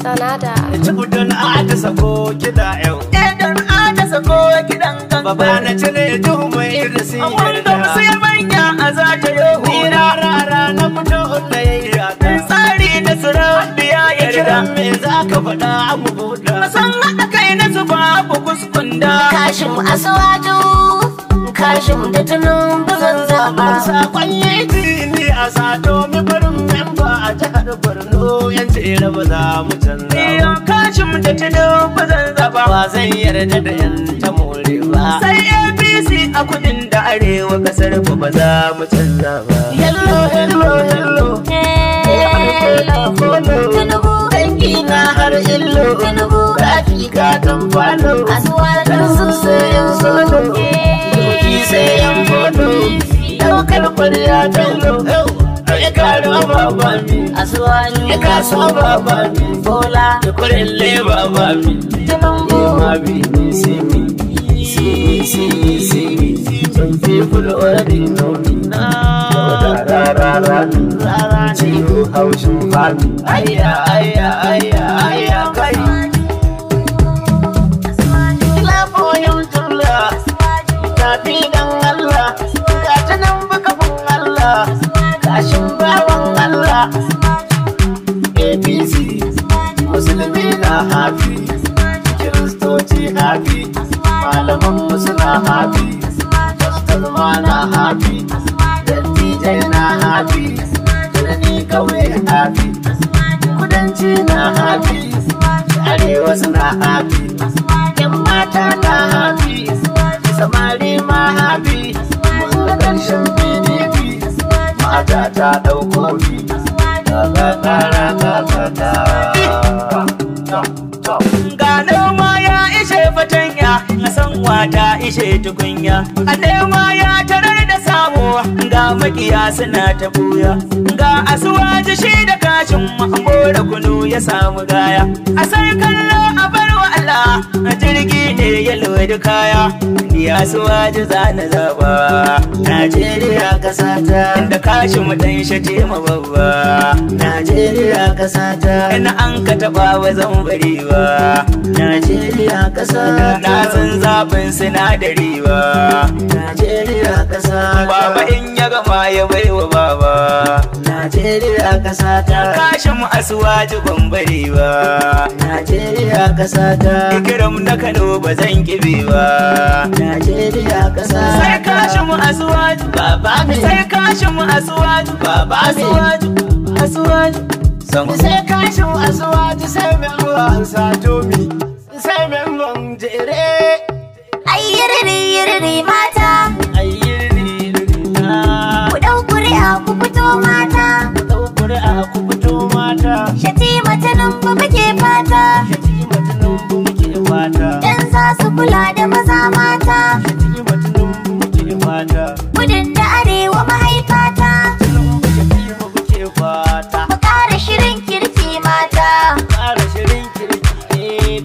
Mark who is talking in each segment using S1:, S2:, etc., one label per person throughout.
S1: Sanada. Ci don ada sako kiɗa yau. Idan don ada sako kiɗan gangan. Baba na cire duhu mai irin sun yarda. Wanda sai manya a za ta yohu. Ni rara rana fito hulla ya yi rata. Tsari na surabiya ya kira. Me za ka faɗa a mu buɗa. Musan haɗa kai na su babu kuskunda. Kashin asuwaju. kashin da tunan bazan zaba. Sakon yi ne a sado mi barin memba a jihar Borno yan tsere ba za mu canza. Iyo kashin da tunan bazan zaba. Ba zan yarda da yan ta more ba. Sai APC a kudin da arewa kasar ku ba za mu canza ba. Hello hello hello. Tinubu hanki na har illo. Tinubu rafi ka tamfano. Asuwa da sosai yan solo. jallo ya karo babami bola ma bi ni ra ra ra ra ra kai tula, ABC. apc musulmi na hafi kiristoci hafi malaman suna na hafi na hafi birni kauye kudanci na hafi arewa suna yan mata na hafi samari ma hafi mun ƙarshen pdp mata ta ɗauko Gano noma ya ishe fatanya, na san wata ishe tukunya. A nema ya tarar da sabo, ga makiya suna ta buya. Ga asuwaji shi da kashin ma, kunu ya samu gaya. A sai kallo a bar Allah jirgi ne ya lura kaya ya suwa ji zana zaba Najeriya ta. inda kashi mu dan shaje mu babba Najeriya ta. ina an ka taba wa zan bari ba Najeriya kasata na san zaben sinadari ba Najeriya kasata baba in ya gama ya baiwa baba Najeriya ta. kashi mu asuwa ji ban bari ba Najeriya kasata fata da na kano ba zan kibe ba najeriya kasa sai kashi mu asuwaju baba mi sai kashi mu asuwaju baba asuwaju asuwaju sama sai kashi mu asuwaju sai mai ruwan sato mi sai mai ruwan jere ai yiriri yiriri mata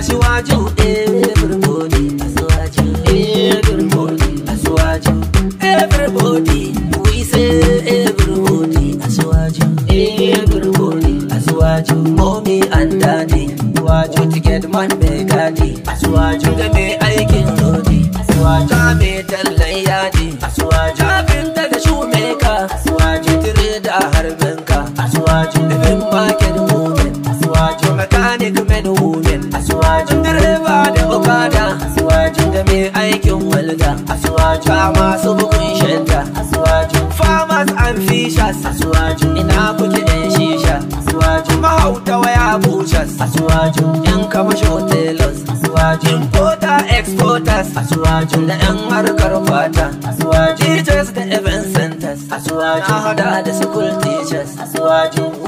S2: asiwaju everybody eh, eh, asiwaju everybody eh, asiwaju everybody we say everybody asiwaju everybody asiwaju mommy and daddy asiwaju ticket man mai gadi asiwaju da mai aikin lodi asiwaju mai tallan yadi asiwaju abinda da shumeka asiwaju tire da harbinka asiwaju living market woman asiwaju mechanic man woman asuwaju direba da okada asuwaju da mai aikin walda asuwaju ba masu bugun shanta asuwaju farmers and fishers asuwaju ina kuke yan shisha asuwaju mahauta waya bushas asuwaju yan kamasho tailors Asuwajin importer exporters asuwaju da yan harkar fata asuwaju teachers da event centers asuwaju na hada da security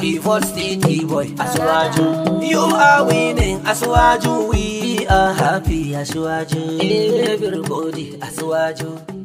S2: Evil any boy. Aswaju, you are winning. Aswaju, we are happy. Aswaju, everybody. Aswaju.